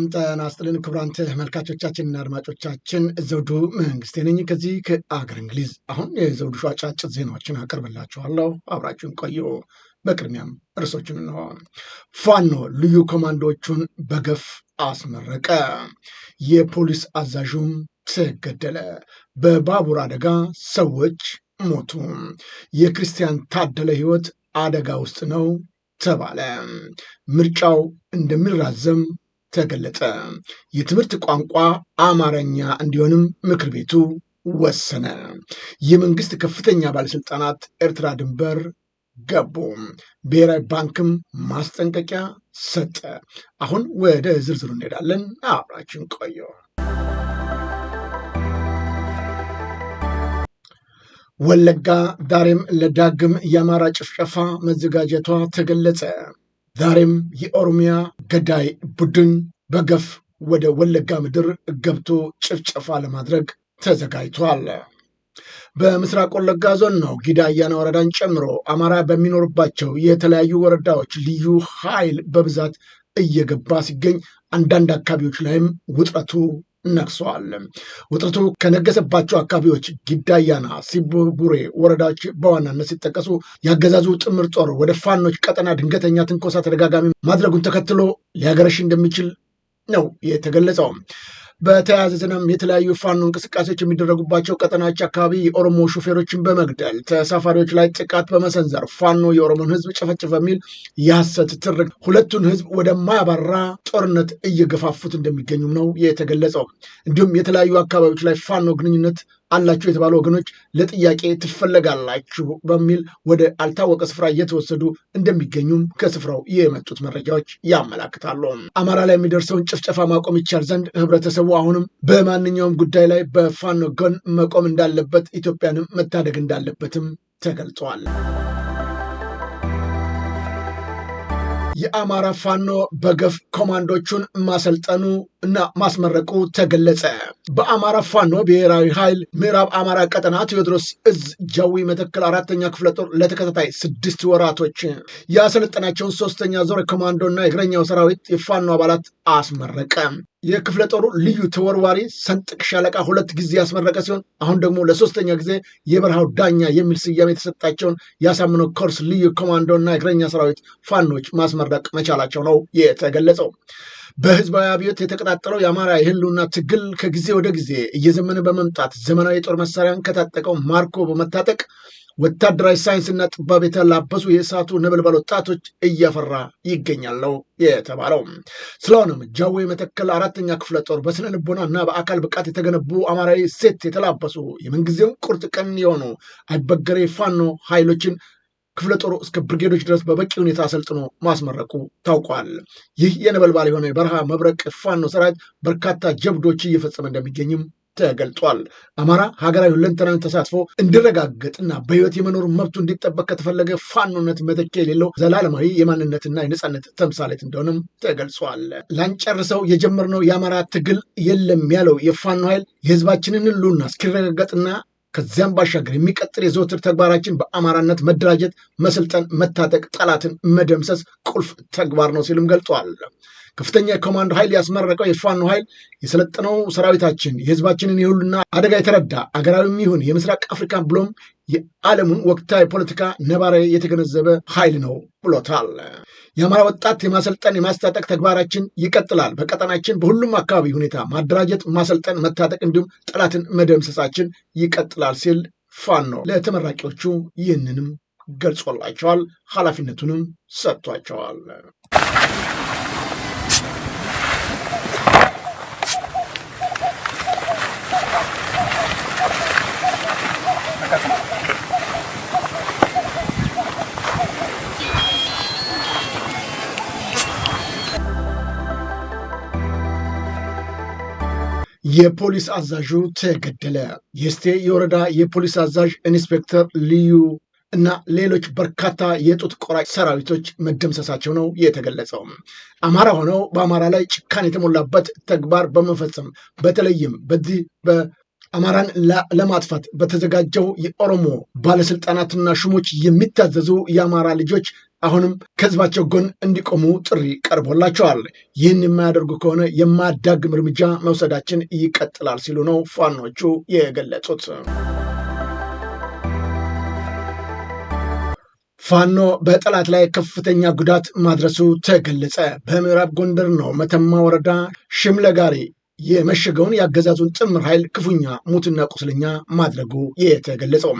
ሰላም ጤና ይስጥልን ክቡራን ተመልካቾቻችንና አድማጮቻችን ዘውዱ መንግስቴ ነኝ ከዚህ ከአገር እንግሊዝ። አሁን የዘውዱ ሾው አጫጭር ዜናዎችን አቀርብላችኋለሁ፣ አብራችሁን ቆዩ። በቅድሚያም እርሶችን እንሆ። ፋኖ ልዩ ኮማንዶዎቹን በገፍ አስመረቀ፣ የፖሊስ አዛዡም ተገደለ፣ በባቡር አደጋ ሰዎች ሞቱ፣ የክርስቲያን ታደለ ህይወት አደጋ ውስጥ ነው ተባለ። ምርጫው እንደሚራዘም ተገለጸ። የትምህርት ቋንቋ አማርኛ እንዲሆንም ምክር ቤቱ ወሰነ። የመንግስት ከፍተኛ ባለስልጣናት ኤርትራ ድንበር ገቡ። ብሔራዊ ባንክም ማስጠንቀቂያ ሰጠ። አሁን ወደ ዝርዝሩ እንሄዳለን። አብራችን ቆዩ። ወለጋ ዛሬም ለዳግም የአማራ ጭፍጨፋ መዘጋጀቷ ተገለጸ። ዛሬም የኦሮሚያ ገዳይ ቡድን በገፍ ወደ ወለጋ ምድር ገብቶ ጭፍጨፋ ለማድረግ ተዘጋጅቷል። በምስራቅ ወለጋ ዞን ነው ጊዳ አያና ወረዳን ጨምሮ አማራ በሚኖርባቸው የተለያዩ ወረዳዎች ልዩ ኃይል በብዛት እየገባ ሲገኝ፣ አንዳንድ አካባቢዎች ላይም ውጥረቱ ነቅሰዋል። ውጥረቱ ከነገሰባቸው አካባቢዎች ጊዳያና ሲቡቡሬ ወረዳዎች በዋናነት ሲጠቀሱ የአገዛዙ ጥምር ጦር ወደ ፋኖች ቀጠና ድንገተኛ ትንኮሳ ተደጋጋሚ ማድረጉን ተከትሎ ሊያገረሽ እንደሚችል ነው የተገለጸው። በተያያዘ ዜናም የተለያዩ ፋኖ እንቅስቃሴዎች የሚደረጉባቸው ቀጠናዎች አካባቢ የኦሮሞ ሹፌሮችን በመግደል ተሳፋሪዎች ላይ ጥቃት በመሰንዘር ፋኖ የኦሮሞን ህዝብ ጨፈጭፍ በሚል የሐሰት ትርክ ሁለቱን ህዝብ ወደማያባራ ጦርነት እየገፋፉት እንደሚገኙም ነው የተገለጸው። እንዲሁም የተለያዩ አካባቢዎች ላይ ፋኖ ግንኙነት አላችሁ የተባሉ ወገኖች ለጥያቄ ትፈለጋላችሁ በሚል ወደ አልታወቀ ስፍራ እየተወሰዱ እንደሚገኙም ከስፍራው የመጡት መረጃዎች ያመላክታሉ። አማራ ላይ የሚደርሰውን ጭፍጨፋ ማቆም ይቻል ዘንድ ህብረተሰቡ አሁንም በማንኛውም ጉዳይ ላይ በፋኖ ጎን መቆም እንዳለበት፣ ኢትዮጵያንም መታደግ እንዳለበትም ተገልጿል። የአማራ ፋኖ በገፍ ኮማንዶቹን ማሰልጠኑ እና ማስመረቁ ተገለጸ። በአማራ ፋኖ ብሔራዊ ኃይል ምዕራብ አማራ ቀጠና ቴዎድሮስ እዝ ጃዊ መተከል አራተኛ ክፍለ ጦር ለተከታታይ ስድስት ወራቶች ያሰለጠናቸውን ሶስተኛ ዞር ኮማንዶና የእግረኛው ሰራዊት የፋኖ አባላት አስመረቀ። የክፍለ ጦሩ ልዩ ተወርዋሪ ሰንጥቅ ሻለቃ ሁለት ጊዜ ያስመረቀ ሲሆን አሁን ደግሞ ለሶስተኛ ጊዜ የበረሃው ዳኛ የሚል ስያሜ የተሰጣቸውን ያሳምነው ኮርስ ልዩ ኮማንዶ እና የእግረኛ ሰራዊት ፋኖች ማስመረቅ መቻላቸው ነው የተገለጸው። በህዝባዊ አብዮት የተቀጣጠለው የአማራ የህልውና ትግል ከጊዜ ወደ ጊዜ እየዘመነ በመምጣት ዘመናዊ የጦር መሳሪያን ከታጠቀው ማርኮ በመታጠቅ ወታደራዊ ሳይንስና ጥበብ የተላበሱ የእሳቱ ነበልባል ወጣቶች እያፈራ ይገኛለው የተባለው። ስለሆነም ጃዌ መተከል አራተኛ ክፍለ ጦር በስነ ልቦና እና በአካል ብቃት የተገነቡ አማራዊ ሴት የተላበሱ የምንጊዜውን ቁርጥ ቀን የሆኑ አይበገሬ ፋኖ ኃይሎችን ክፍለ ጦሩ እስከ ብርጌዶች ድረስ በበቂ ሁኔታ አሰልጥኖ ማስመረቁ ታውቋል። ይህ የነበልባል የሆነ የበረሃ መብረቅ ፋኖ ሰራዊት በርካታ ጀብዶች እየፈጸመ እንደሚገኝም ተገልጧል። አማራ ሀገራዊ ሁለንተናዊ ተሳትፎ እንዲረጋገጥና በህይወት የመኖር መብቱ እንዲጠበቅ ከተፈለገ ፋኖነት መተኪያ የሌለው ዘላለማዊ የማንነትና የነፃነት ተምሳሌት እንደሆነም ተገልጿል። ላንጨርሰው የጀመርነው የአማራ ትግል የለም ያለው የፋኖ ኃይል የህዝባችንን ህልውና እስኪረጋገጥና ከዚያም ባሻገር የሚቀጥል የዘወትር ተግባራችን በአማራነት መደራጀት፣ መሰልጠን፣ መታጠቅ፣ ጠላትን መደምሰስ ቁልፍ ተግባር ነው ሲልም ገልጠዋል። ከፍተኛ የኮማንዶ ኃይል ያስመረቀው የፋኖ ኃይል የሰለጠነው ሰራዊታችን የህዝባችንን የሁሉና አደጋ የተረዳ አገራዊም ይሁን የምስራቅ አፍሪካን ብሎም የዓለሙን ወቅታዊ ፖለቲካ ነባራዊ የተገነዘበ ኃይል ነው ብሎታል። የአማራ ወጣት የማሰልጠን የማስታጠቅ ተግባራችን ይቀጥላል። በቀጠናችን በሁሉም አካባቢ ሁኔታ ማደራጀት፣ ማሰልጠን፣ መታጠቅ እንዲሁም ጠላትን መደምሰሳችን ይቀጥላል ሲል ፋኖ ለተመራቂዎቹ ይህንንም ገልጾላቸዋል። ኃላፊነቱንም ሰጥቷቸዋል። የፖሊስ አዛዡ ተገደለ። የስቴ የወረዳ የፖሊስ አዛዥ ኢንስፔክተር ልዩ እና ሌሎች በርካታ የጡት ቆራጭ ሰራዊቶች መደምሰሳቸው ነው የተገለጸው። አማራ ሆነው በአማራ ላይ ጭካን የተሞላበት ተግባር በመፈጸም በተለይም በዚህ አማራን ለማጥፋት በተዘጋጀው የኦሮሞ ባለስልጣናትና ሹሞች የሚታዘዙ የአማራ ልጆች አሁንም ከህዝባቸው ጎን እንዲቆሙ ጥሪ ቀርቦላቸዋል። ይህን የማያደርጉ ከሆነ የማያዳግም እርምጃ መውሰዳችን ይቀጥላል ሲሉ ነው ፋኖቹ የገለጹት። ፋኖ በጠላት ላይ ከፍተኛ ጉዳት ማድረሱ ተገለጸ። በምዕራብ ጎንደር ነው መተማ ወረዳ ሽምለጋሪ የመሸገውን የአገዛዙን ጥምር ኃይል ክፉኛ ሙትና ቁስለኛ ማድረጉ የተገለጸው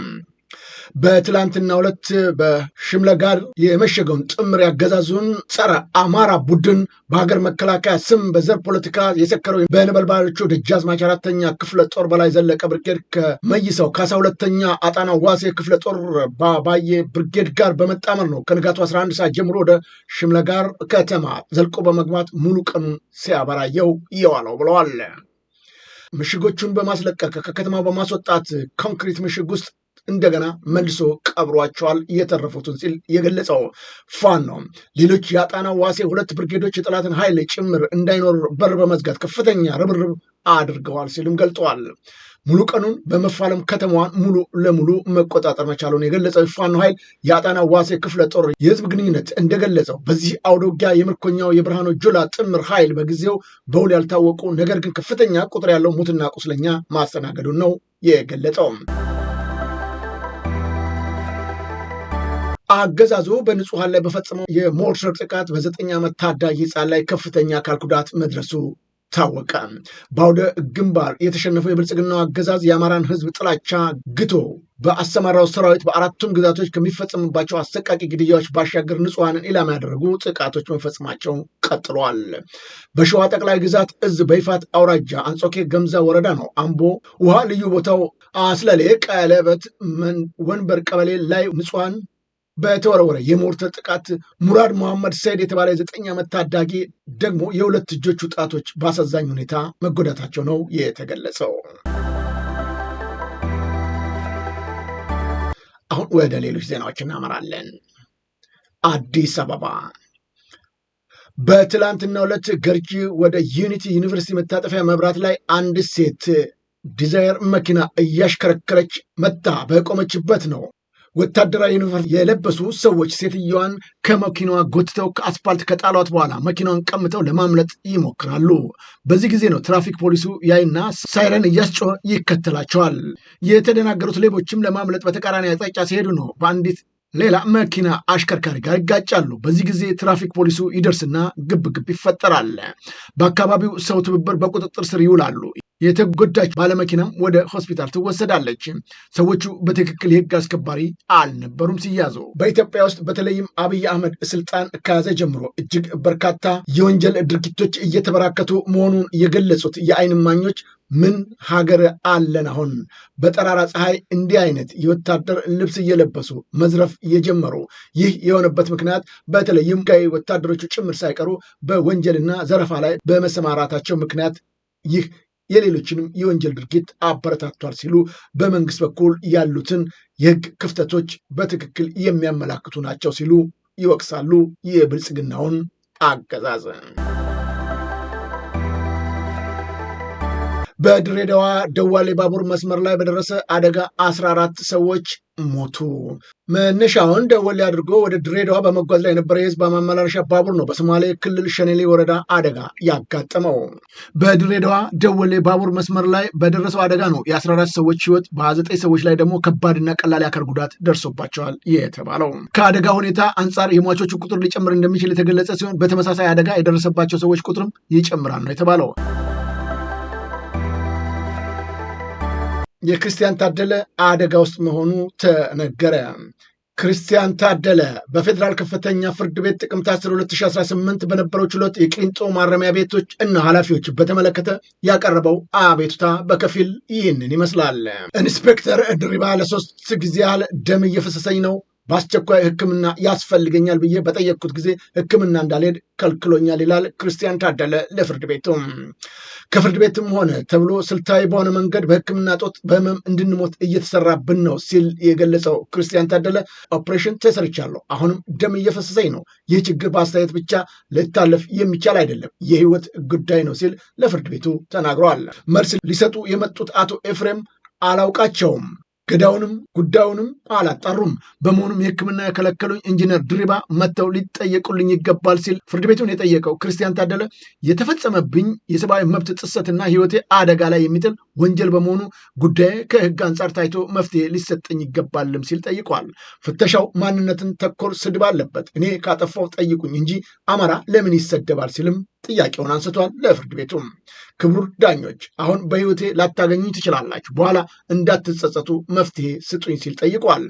በትላንትና ሁለት በሽምለ ጋር የመሸገውን ጥምር ያገዛዙን ጸረ አማራ ቡድን በሀገር መከላከያ ስም በዘር ፖለቲካ የሰከረው በነበልባሎቹ ደጃዝማች አራተኛ ክፍለ ጦር በላይ ዘለቀ ብርጌድ ከመይሰው ካሳ ሁለተኛ አጣና ዋሴ ክፍለ ጦር ባባዬ ብርጌድ ጋር በመጣመር ነው ከንጋቱ 11 ሰዓት ጀምሮ ወደ ሽምለ ጋር ከተማ ዘልቆ በመግባት ሙሉ ቀኑ ሲያበራየው እየዋለው ብለዋል። ምሽጎቹን በማስለቀቅ ከከተማ በማስወጣት ኮንክሪት ምሽግ ውስጥ እንደገና መልሶ ቀብሯቸዋል የተረፉትን ሲል የገለጸው ፋኖ ሌሎች የአጣና ዋሴ ሁለት ብርጌዶች የጠላትን ኃይል ጭምር እንዳይኖር በር በመዝጋት ከፍተኛ ርብርብ አድርገዋል ሲሉም ገልጠዋል። ሙሉ ቀኑን በመፋለም ከተማዋን ሙሉ ለሙሉ መቆጣጠር መቻሉን የገለጸው ፋኖ ኃይል የአጣና ዋሴ ክፍለ ጦር የህዝብ ግንኙነት እንደገለጸው በዚህ አውዶጊያ የምርኮኛው የብርሃኑ ጆላ ጥምር ኃይል በጊዜው በውል ያልታወቁ ነገር ግን ከፍተኛ ቁጥር ያለው ሙትና ቁስለኛ ማስተናገዱን ነው የገለጸው። አገዛዙ በንጹሐን ላይ በፈጸመው የሞርተር ጥቃት በዘጠኝ ዓመት ታዳጊ ህፃን ላይ ከፍተኛ አካል ጉዳት መድረሱ ታወቀ። በአውደ ግንባር የተሸነፈው የብልጽግናው አገዛዝ የአማራን ህዝብ ጥላቻ ግቶ በአሰማራው ሰራዊት በአራቱም ግዛቶች ከሚፈጸምባቸው አሰቃቂ ግድያዎች ባሻገር ንጹሐንን ኢላማ ያደረጉ ጥቃቶች መፈጸማቸው ቀጥሏል። በሸዋ ጠቅላይ ግዛት እዝ በይፋት አውራጃ አንጾኬ ገምዛ ወረዳ ነው አምቦ ውሃ ልዩ ቦታው አስለሌ ቀለበት ወንበር ቀበሌ ላይ ንጹሐን በተወረወረ የሞርተር ጥቃት ሙራድ መሐመድ ሰይድ የተባለ የዘጠኝ ዓመት ታዳጊ ደግሞ የሁለት እጆቹ ጣቶች በአሳዛኝ ሁኔታ መጎዳታቸው ነው የተገለጸው። አሁን ወደ ሌሎች ዜናዎች እናመራለን። አዲስ አበባ በትላንትና ሁለት ገርጂ ወደ ዩኒቲ ዩኒቨርሲቲ መታጠፊያ መብራት ላይ አንድ ሴት ዲዛይር መኪና እያሽከረከረች መታ በቆመችበት ነው ወታደራዊ ዩኒፎርም የለበሱ ሰዎች ሴትየዋን ከመኪናዋ ጎትተው ከአስፓልት ከጣሏት በኋላ መኪናዋን ቀምተው ለማምለጥ ይሞክራሉ። በዚህ ጊዜ ነው ትራፊክ ፖሊሱ ያይና ሳይረን እያስጮኸ ይከተላቸዋል። የተደናገሩት ሌቦችም ለማምለጥ በተቃራኒ አቅጣጫ ሲሄዱ ነው በአንዲት ሌላ መኪና አሽከርካሪ ጋር ይጋጫሉ። በዚህ ጊዜ ትራፊክ ፖሊሱ ይደርስና ግብ ግብ ይፈጠራል። በአካባቢው ሰው ትብብር በቁጥጥር ስር ይውላሉ። የተጎዳች ባለመኪናም ወደ ሆስፒታል ትወሰዳለች። ሰዎቹ በትክክል የህግ አስከባሪ አልነበሩም ሲያዙ። በኢትዮጵያ ውስጥ በተለይም አብይ አህመድ ስልጣን ከያዘ ጀምሮ እጅግ በርካታ የወንጀል ድርጊቶች እየተበራከቱ መሆኑን የገለጹት የአይን እማኞች ምን ሀገር አለን አሁን? በጠራራ ፀሐይ እንዲህ አይነት የወታደር ልብስ እየለበሱ መዝረፍ የጀመሩ። ይህ የሆነበት ምክንያት በተለይም ወታደሮቹ ጭምር ሳይቀሩ በወንጀልና ዘረፋ ላይ በመሰማራታቸው ምክንያት ይህ የሌሎችንም የወንጀል ድርጊት አበረታቷል ሲሉ በመንግስት በኩል ያሉትን የህግ ክፍተቶች በትክክል የሚያመላክቱ ናቸው ሲሉ ይወቅሳሉ የብልጽግናውን አገዛዝ። በድሬዳዋ ደዋሌ ባቡር መስመር ላይ በደረሰ አደጋ 14 ሰዎች ሞቱ። መነሻውን ደወሌ አድርጎ ወደ ድሬዳዋ በመጓዝ ላይ የነበረ የህዝብ ማመላለሻ ባቡር ነው በሶማሌ ክልል ሸኔሌ ወረዳ አደጋ ያጋጠመው። በድሬዳዋ ደወሌ ባቡር መስመር ላይ በደረሰው አደጋ ነው የ14 ሰዎች ህይወት፣ በ9 ሰዎች ላይ ደግሞ ከባድና ቀላል የአካል ጉዳት ደርሶባቸዋል የተባለው። ከአደጋ ሁኔታ አንጻር የሟቾቹ ቁጥር ሊጨምር እንደሚችል የተገለጸ ሲሆን በተመሳሳይ አደጋ የደረሰባቸው ሰዎች ቁጥርም ይጨምራል ነው የተባለው። የክርስቲያን ታደለ አደጋ ውስጥ መሆኑ ተነገረ። ክርስቲያን ታደለ በፌዴራል ከፍተኛ ፍርድ ቤት ጥቅምት 10 2018 በነበረው ችሎት የቂሊንጦ ማረሚያ ቤቶች እና ኃላፊዎች በተመለከተ ያቀረበው አቤቱታ በከፊል ይህንን ይመስላል። ኢንስፔክተር ድሪባ ለሶስት ጊዜ ያህል ደም እየፈሰሰኝ ነው በአስቸኳይ ሕክምና ያስፈልገኛል ብዬ በጠየቅኩት ጊዜ ሕክምና እንዳልሄድ ከልክሎኛል ይላል ክርስቲያን ታደለ ለፍርድ ቤቱ። ከፍርድ ቤትም ሆነ ተብሎ ስልታዊ በሆነ መንገድ በህክምና ጦት በህመም እንድንሞት እየተሰራብን ነው ሲል የገለጸው ክርስቲያን ታደለ ኦፕሬሽን ተሰርቻለሁ፣ አሁንም ደም እየፈሰሰኝ ነው። ይህ ችግር በአስተያየት ብቻ ልታለፍ የሚቻል አይደለም፣ የህይወት ጉዳይ ነው ሲል ለፍርድ ቤቱ ተናግረዋል። መልስ ሊሰጡ የመጡት አቶ ኤፍሬም አላውቃቸውም ገዳውንም ጉዳዩንም አላጣሩም። በመሆኑም የሕክምና የከለከሉኝ ኢንጂነር ድሪባ መጥተው ሊጠየቁልኝ ይገባል ሲል ፍርድ ቤቱን የጠየቀው ክርስቲያን ታደለ የተፈጸመብኝ የሰብአዊ መብት ጥሰትና ሕይወቴ አደጋ ላይ የሚጥል ወንጀል በመሆኑ ጉዳይ ከሕግ አንጻር ታይቶ መፍትሄ ሊሰጠኝ ይገባልም ሲል ጠይቋል። ፍተሻው ማንነትን ተኮር ስድብ አለበት። እኔ ካጠፋው ጠይቁኝ እንጂ አማራ ለምን ይሰደባል ሲልም ጥያቄውን አንስቷል። ለፍርድ ቤቱም ክቡር ዳኞች አሁን በህይወቴ ላታገኙኝ ትችላላችሁ፣ በኋላ እንዳትጸጸቱ መፍትሄ ስጡኝ ሲል ጠይቋል።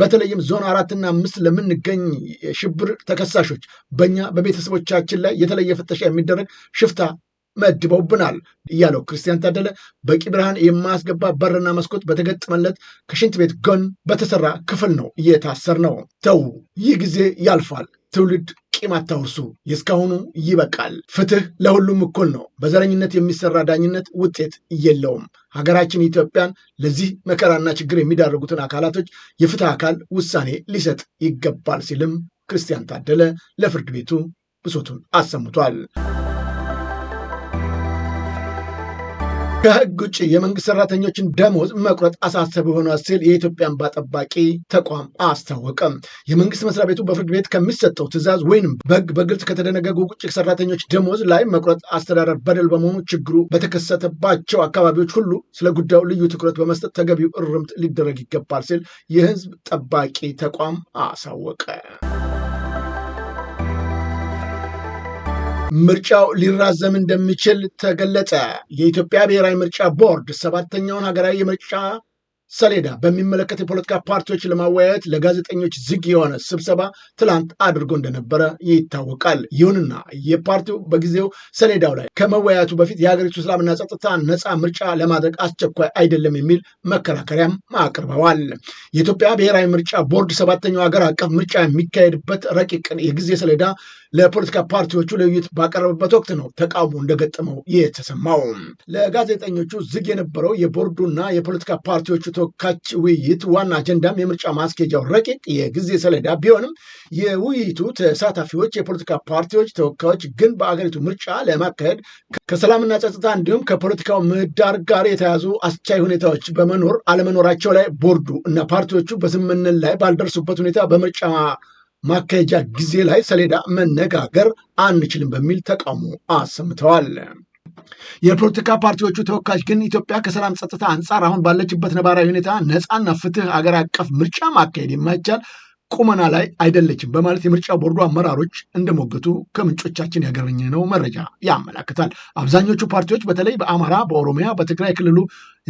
በተለይም ዞን አራትና አምስት ለምንገኝ የሽብር ተከሳሾች በእኛ በቤተሰቦቻችን ላይ የተለየ ፍተሻ የሚደረግ ሽፍታ መድበውብናል እያለው ክርስቲያን ታደለ በቂ ብርሃን የማያስገባ በርና መስኮት በተገጠመለት ከሽንት ቤት ጎን በተሰራ ክፍል ነው እየታሰር ነው። ተው ይህ ጊዜ ያልፋል ትውልድ ቂም አታውርሱ። የእስካሁኑ ይበቃል። ፍትህ ለሁሉም እኩል ነው። በዘረኝነት የሚሰራ ዳኝነት ውጤት የለውም። ሀገራችን ኢትዮጵያን ለዚህ መከራና ችግር የሚዳርጉትን አካላቶች የፍትህ አካል ውሳኔ ሊሰጥ ይገባል ሲልም ክርስቲያን ታደለ ለፍርድ ቤቱ ብሶቱን አሰምቷል። ከህግ ውጭ የመንግስት ሰራተኞችን ደሞዝ መቁረጥ አሳሰብ ሆኗል ሲል የኢትዮጵያ እንባ ጠባቂ ተቋም አስታወቀም። የመንግስት መስሪያ ቤቱ በፍርድ ቤት ከሚሰጠው ትዕዛዝ ወይንም በህግ በግልጽ ከተደነገጉ ውጭ ሰራተኞች ደሞዝ ላይ መቁረጥ አስተዳደር በደል በመሆኑ ችግሩ በተከሰተባቸው አካባቢዎች ሁሉ ስለ ጉዳዩ ልዩ ትኩረት በመስጠት ተገቢው እርምት ሊደረግ ይገባል ሲል የህዝብ ጠባቂ ተቋም አሳወቀ። ምርጫው ሊራዘም እንደሚችል ተገለጸ። የኢትዮጵያ ብሔራዊ ምርጫ ቦርድ ሰባተኛውን ሀገራዊ የምርጫ ሰሌዳ በሚመለከት የፖለቲካ ፓርቲዎች ለማወያየት ለጋዜጠኞች ዝግ የሆነ ስብሰባ ትላንት አድርጎ እንደነበረ ይታወቃል። ይሁንና የፓርቲው በጊዜው ሰሌዳው ላይ ከመወያየቱ በፊት የሀገሪቱ ሰላምና ጸጥታ ነፃ ምርጫ ለማድረግ አስቸኳይ አይደለም የሚል መከራከሪያም አቅርበዋል። የኢትዮጵያ ብሔራዊ ምርጫ ቦርድ ሰባተኛው ሀገር አቀፍ ምርጫ የሚካሄድበት ረቂቅን የጊዜ ሰሌዳ ለፖለቲካ ፓርቲዎቹ ለውይይት ባቀረበበት ወቅት ነው ተቃውሞ እንደገጠመው የተሰማው። ለጋዜጠኞቹ ዝግ የነበረው የቦርዱና የፖለቲካ ፓርቲዎቹ ተወካች ውይይት ዋና አጀንዳም የምርጫ ማስኬጃው ረቂቅ የጊዜ ሰሌዳ ቢሆንም የውይይቱ ተሳታፊዎች የፖለቲካ ፓርቲዎች ተወካዮች ግን በአገሪቱ ምርጫ ለማካሄድ ከሰላምና ጸጥታ እንዲሁም ከፖለቲካው ምህዳር ጋር የተያዙ አስቻይ ሁኔታዎች በመኖር አለመኖራቸው ላይ ቦርዱ እና ፓርቲዎቹ በስምምነት ላይ ባልደረሱበት ሁኔታ በምርጫ ማካሄጃ ጊዜ ላይ ሰሌዳ መነጋገር አንችልም በሚል ተቃውሞ አሰምተዋል። የፖለቲካ ፓርቲዎቹ ተወካዮች ግን ኢትዮጵያ ከሰላም ጸጥታ አንጻር አሁን ባለችበት ነባራዊ ሁኔታ ነፃና ፍትህ አገር አቀፍ ምርጫ ማካሄድ የማይቻል ቁመና ላይ አይደለችም በማለት የምርጫ ቦርዱ አመራሮች እንደሞገቱ ከምንጮቻችን ያገኘነው መረጃ ያመላክታል። አብዛኞቹ ፓርቲዎች በተለይ በአማራ፣ በኦሮሚያ፣ በትግራይ ክልሉ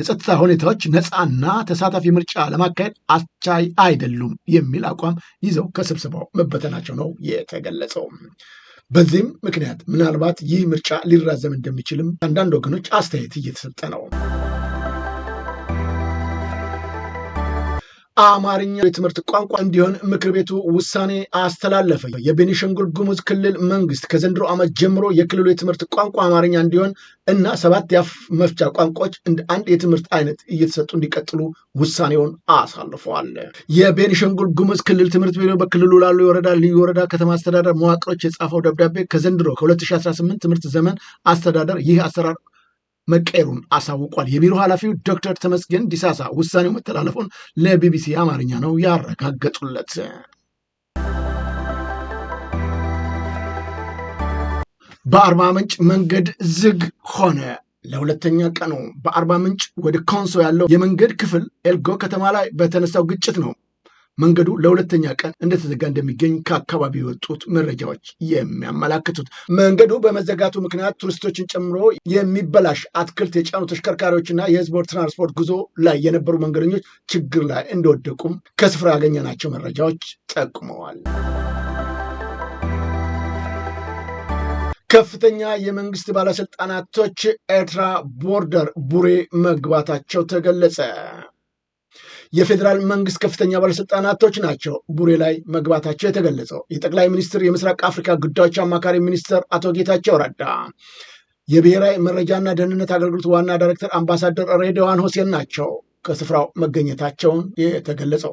የጸጥታ ሁኔታዎች ነፃና ተሳታፊ ምርጫ ለማካሄድ አስቻይ አይደሉም የሚል አቋም ይዘው ከስብሰባው መበተናቸው ነው የተገለጸው። በዚህም ምክንያት ምናልባት ይህ ምርጫ ሊራዘም እንደሚችልም አንዳንድ ወገኖች አስተያየት እየተሰጠ ነው። አማርኛ የትምህርት ቋንቋ እንዲሆን ምክር ቤቱ ውሳኔ አስተላለፈ። የቤኒሻንጉል ጉሙዝ ክልል መንግስት ከዘንድሮ ዓመት ጀምሮ የክልሉ የትምህርት ቋንቋ አማርኛ እንዲሆን እና ሰባት የአፍ መፍቻ ቋንቋዎች እንደ አንድ የትምህርት አይነት እየተሰጡ እንዲቀጥሉ ውሳኔውን አሳልፈዋል። የቤኒሻንጉል ጉሙዝ ክልል ትምህርት ቢሮ በክልሉ ላሉ የወረዳ ልዩ ወረዳ፣ ከተማ አስተዳደር መዋቅሮች የጻፈው ደብዳቤ ከዘንድሮ ከ2018 ትምህርት ዘመን አስተዳደር ይህ አሰራር መቀየሩን አሳውቋል። የቢሮ ኃላፊው ዶክተር ተመስገን ዲሳሳ ውሳኔው መተላለፉን ለቢቢሲ አማርኛ ነው ያረጋገጡለት። በአርባ ምንጭ መንገድ ዝግ ሆነ። ለሁለተኛ ቀኑ በአርባ ምንጭ ወደ ኮንሶ ያለው የመንገድ ክፍል ኤልጎ ከተማ ላይ በተነሳው ግጭት ነው መንገዱ ለሁለተኛ ቀን እንደተዘጋ እንደሚገኝ ከአካባቢው የወጡት መረጃዎች የሚያመላክቱት መንገዱ በመዘጋቱ ምክንያት ቱሪስቶችን ጨምሮ የሚበላሽ አትክልት የጫኑ ተሽከርካሪዎችና የህዝብ ትራንስፖርት ጉዞ ላይ የነበሩ መንገደኞች ችግር ላይ እንደወደቁም ከስፍራ ያገኘናቸው መረጃዎች ጠቁመዋል። ከፍተኛ የመንግስት ባለስልጣናቶች ኤርትራ ቦርደር ቡሬ መግባታቸው ተገለጸ። የፌዴራል መንግስት ከፍተኛ ባለስልጣናቶች ናቸው ቡሬ ላይ መግባታቸው የተገለጸው። የጠቅላይ ሚኒስትር የምስራቅ አፍሪካ ጉዳዮች አማካሪ ሚኒስትር አቶ ጌታቸው ረዳ የብሔራዊ መረጃና ደህንነት አገልግሎት ዋና ዳይሬክተር አምባሳደር ሬድዋን ሁሴን ናቸው ከስፍራው መገኘታቸውን የተገለጸው።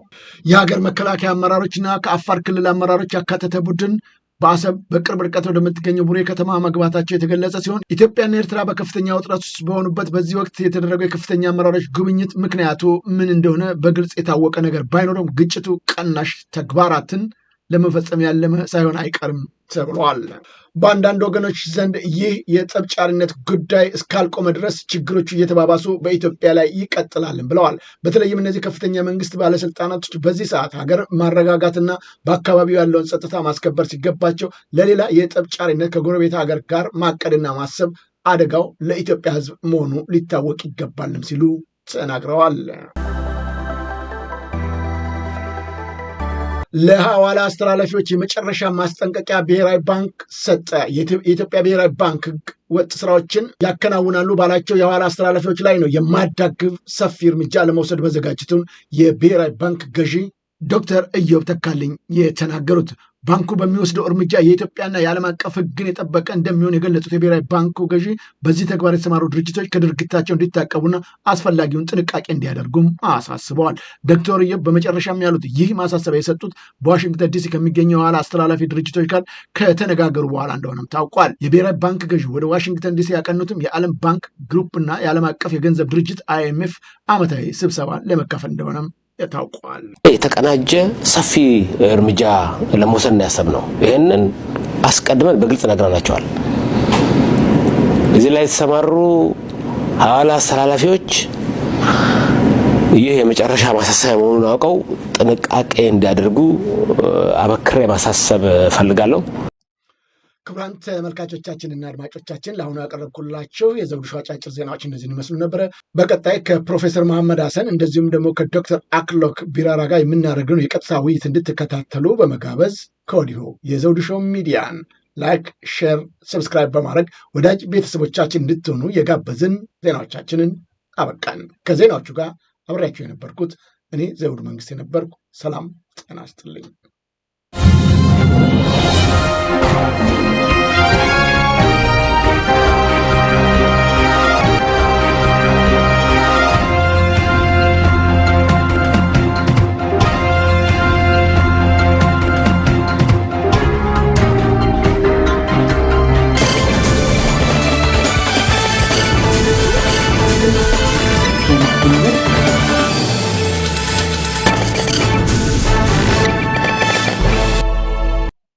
የሀገር መከላከያ አመራሮችና ከአፋር ክልል አመራሮች ያካተተ ቡድን በአሰብ በቅርብ ርቀት ወደምትገኘው ቡሬ ከተማ መግባታቸው የተገለጸ ሲሆን ኢትዮጵያና ኤርትራ በከፍተኛ ውጥረት ውስጥ በሆኑበት በዚህ ወቅት የተደረገው የከፍተኛ አመራሮች ጉብኝት ምክንያቱ ምን እንደሆነ በግልጽ የታወቀ ነገር ባይኖርም ግጭቱ ቀናሽ ተግባራትን ለመፈጸም ያለመ ሳይሆን አይቀርም ተብሏል። በአንዳንድ ወገኖች ዘንድ ይህ የጸብ ጫሪነት ጉዳይ እስካልቆመ ድረስ ችግሮቹ እየተባባሱ በኢትዮጵያ ላይ ይቀጥላልን ብለዋል። በተለይም እነዚህ ከፍተኛ መንግስት ባለስልጣናቶች በዚህ ሰዓት ሀገር ማረጋጋትና በአካባቢው ያለውን ጸጥታ ማስከበር ሲገባቸው ለሌላ የጸብ ጫሪነት ከጎረቤት ሀገር ጋር ማቀድና ማሰብ አደጋው ለኢትዮጵያ ሕዝብ መሆኑ ሊታወቅ ይገባልም ሲሉ ተናግረዋል። ለሐዋላ አስተላላፊዎች የመጨረሻ ማስጠንቀቂያ ብሔራዊ ባንክ ሰጠ። የኢትዮጵያ ብሔራዊ ባንክ ህግ ወጥ ስራዎችን ያከናውናሉ ባላቸው የሐዋላ አስተላላፊዎች ላይ ነው የማዳግብ ሰፊ እርምጃ ለመውሰድ መዘጋጀቱን የብሔራዊ ባንክ ገዢ ዶክተር እዮብ ተካልኝ የተናገሩት ባንኩ በሚወስደው እርምጃ የኢትዮጵያና የዓለም አቀፍ ሕግን የጠበቀ እንደሚሆን የገለጹት የብሔራዊ ባንኩ ገዢ በዚህ ተግባር የተሰማሩ ድርጅቶች ከድርጊታቸው እንዲታቀቡና አስፈላጊውን ጥንቃቄ እንዲያደርጉም አሳስበዋል። ዶክተር ዮብ በመጨረሻም ያሉት ይህ ማሳሰቢያ የሰጡት በዋሽንግተን ዲሲ ከሚገኘው የኋላ አስተላላፊ ድርጅቶች ጋር ከተነጋገሩ በኋላ እንደሆነም ታውቋል። የብሔራዊ ባንክ ገዢ ወደ ዋሽንግተን ዲሲ ያቀኑትም የዓለም ባንክ ግሩፕና የዓለም አቀፍ የገንዘብ ድርጅት አይኤምኤፍ ዓመታዊ ስብሰባ ለመካፈል እንደሆነም ታውቋል። የተቀናጀ ሰፊ እርምጃ ለመውሰድ ነው ይህንን አስቀድመን በግልጽ ነግረናቸዋል። እዚህ ላይ የተሰማሩ ሐዋላ አስተላላፊዎች ይህ የመጨረሻ ማሳሰቢያ መሆኑን አውቀው ጥንቃቄ እንዲያደርጉ አበክሬ ማሳሰብ እፈልጋለሁ። ክቡራን ተመልካቾቻችንና አድማጮቻችን ለአሁኑ ያቀረብኩላቸው የዘውዱ ሾው አጫጭር ዜናዎች እነዚህን ይመስሉ ነበረ። በቀጣይ ከፕሮፌሰር መሐመድ ሀሰን እንደዚሁም ደግሞ ከዶክተር አክሎክ ቢራራ ጋር የምናደርገውን የቀጥታ ውይይት እንድትከታተሉ በመጋበዝ ከወዲሁ የዘውዱ ሾው ሚዲያን ላይክ፣ ሼር፣ ሰብስክራይብ በማድረግ ወዳጅ ቤተሰቦቻችን እንድትሆኑ የጋበዝን ዜናዎቻችንን አበቃን። ከዜናዎቹ ጋር አብሬያቸው የነበርኩት እኔ ዘውዱ መንግስት የነበርኩ። ሰላም ጤና ይስጥልኝ። Thank you.